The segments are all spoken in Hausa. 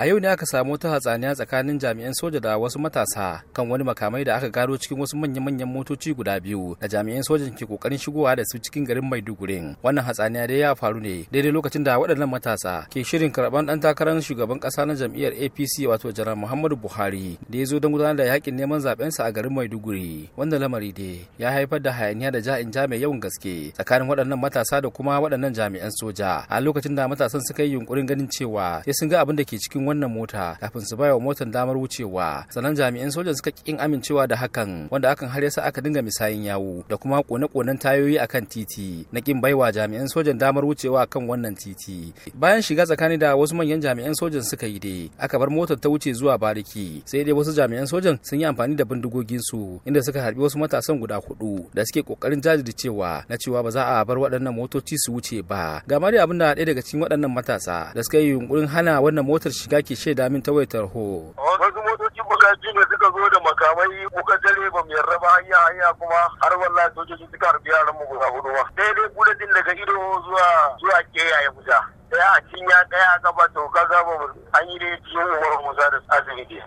a yau ne aka samu ta hatsaniya tsakanin jami'an soja da wasu matasa kan wani makamai da aka gano cikin wasu manya-manyan motoci guda biyu da jami'an sojan ke kokarin shigowa da su cikin garin maiduguri wannan hatsaniya dai ya faru ne daidai lokacin da waɗannan matasa ke shirin karɓar ɗan takarar shugaban ƙasa na jam'iyyar apc wato janar muhammadu buhari da ya zo don gudanar da yakin neman zaɓensa a garin maiduguri wanda lamari dai ya haifar da hayaniya da ja'in ja mai yawan gaske tsakanin waɗannan matasa da kuma waɗannan jami'an soja a lokacin da matasan suka yi yunkurin ganin cewa sai sun ga abin da ke cikin wannan mota kafin su baya wa motar damar wucewa sannan jami'an sojan suka kin amincewa da hakan wanda akan har yasa aka dinga misayin yawo da kuma kone-konen tayoyi akan titi na kin baiwa jami'an sojan damar wucewa kan wannan titi bayan shiga tsakani da wasu manyan jami'an sojan suka yi dai aka bar motar ta wuce zuwa bariki sai dai wasu jami'an sojan sun yi amfani da bindigogin su inda suka harbi wasu matasan guda hudu da suke kokarin jajircewa na cewa ba za a bar waɗannan motoci su wuce ba ga mari abin da ɗaya daga cikin waɗannan matasa da suka yi yunkurin hana wannan motar shi shiga ke shaida min ta waitar ho. Wasu motocin bukaci ne suka zo da makamai kuka jare ba mu yarda ba hanya hanya kuma har wallahi sojoji suka harbi yaran mu guda hudu ba. Daidai din daga ido zuwa zuwa ke ya yi fita. Daya a cinya daya a gaba to ka kaga ba an yi dai mu uwar musa da asibiti.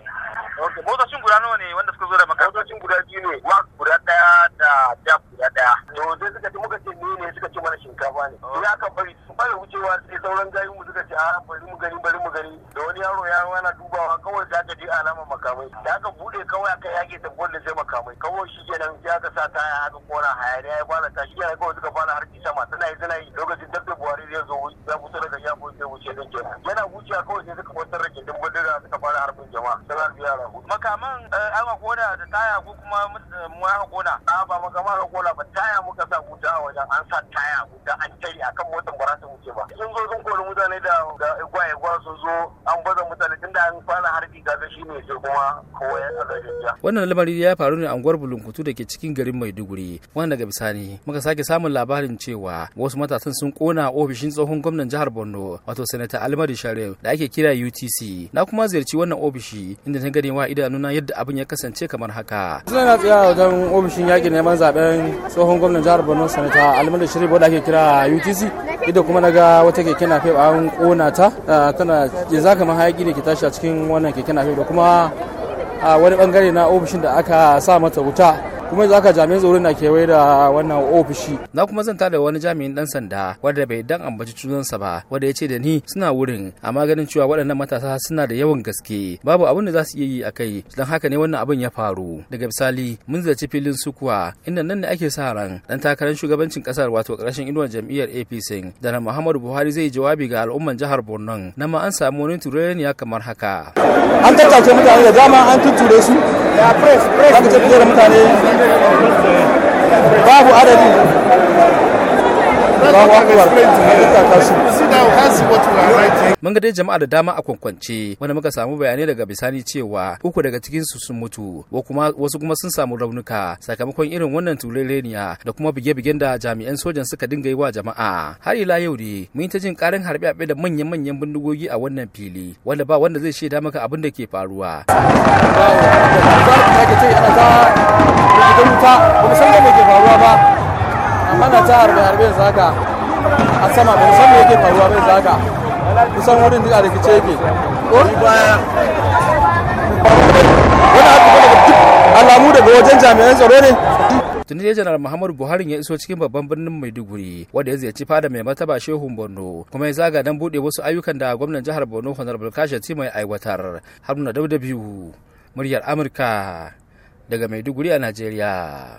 Motocin guda nawa ne wanda suka zo da makamai? Motocin guda biyu ne, Mark guda daya da Jab guda daya. To sai suka ji muka ce ne shinkafa ne to bari sun fara wucewa sai sauran gayin mu suka ce a bari mu gani bari mu gani da wani yaro ya yana dubawa kawai za ka je alamar makamai da aka bude kawai aka yage ta da sai makamai kawai shi kenan ya ka sa taya aka kona hayaniya ya fara tashi yana kawai suka fara harki sama suna yi suna yi lokacin da makaman eh, an haƙo da taya ko kuma eh, mu aka kona a ba makama aka kola ba taya muka sa guda a wajen an sa taya guda an tare akan motar ba za su wuce ba sun zo sun koli mutane da eh, gwaye sun zo an gwada mutane tunda an fara harbi gaza shi ne sai kuma kowa ya tsada Wannan lamari ya faru ne a unguwar Bulunkutu da ke cikin garin Maiduguri. Wannan daga bisani muka sake samun labarin cewa wasu matasan sun kona ofishin tsohon gwamnan jihar Borno wato Sanata Almadi Sharif da ake kira UTC. Na kuma ziyarci wannan ofishi inda na gani wa idanuna yadda abin ya kasance kamar haka. Suna na a wajen ofishin yaƙi neman zaben tsohon gwamnan jihar Borno Sanata Almadi Sharif wanda ake kira UTC. ita kuma na ga wata keke na a an kona ta ah, tana yanzu haka mahayaki ne ke tashi a cikin wannan keke na da kuma ah, wani bangare na ofishin da aka sa mata wuta kuma za ka jami'in tsaro na kewaye da wannan ofishi na kuma zan da wani jami'in dan sanda wanda bai dan ambaci sunansa ba wanda ya ce da ni suna wurin amma ganin cewa waɗannan matasa suna da yawan gaske babu abin da za su iya yi a kai don haka ne wannan abin ya faru daga misali mun zaci filin sukuwa inda nan ne ake sa ran dan takarar shugabancin kasar wato karshen inuwar jam'iyyar APC da na Muhammadu Buhari zai jawabi ga al'umman jihar Borno na ma an samu wani tureniya kamar haka an tattace mutane da dama an tuture su ya press press mutane babu adadi Allahu akbar. Sit down, that's what mun ga dai jama'a da dama a kwankwance wanda muka samu bayanai daga bisani cewa uku daga cikin su sun mutu wasu kuma sun samu raunuka sakamakon irin wannan turereniya da kuma bige-bigen da jami'an sojan suka dinga yi wa jama'a har ila yau ne mun ta jin karin harbe-harbe da manyan-manyan bindigogi a wannan fili wanda ba wanda zai shaida maka abin da ke faruwa ana ta harbe-harbe zaka a sama bai san me yake faruwa bai zaka kusan wurin duk a kice yake alamu daga wajen jami'an tsaro ne tuni da janar muhammadu buhari ya iso cikin babban birnin maiduguri wadda ya ziyarci fada mai martaba shehun borno kuma ya zaga don buɗe wasu ayyukan da gwamnan jihar borno honorable kashi ti mai aiwatar haruna dauda biyu muryar amurka daga maiduguri a najeriya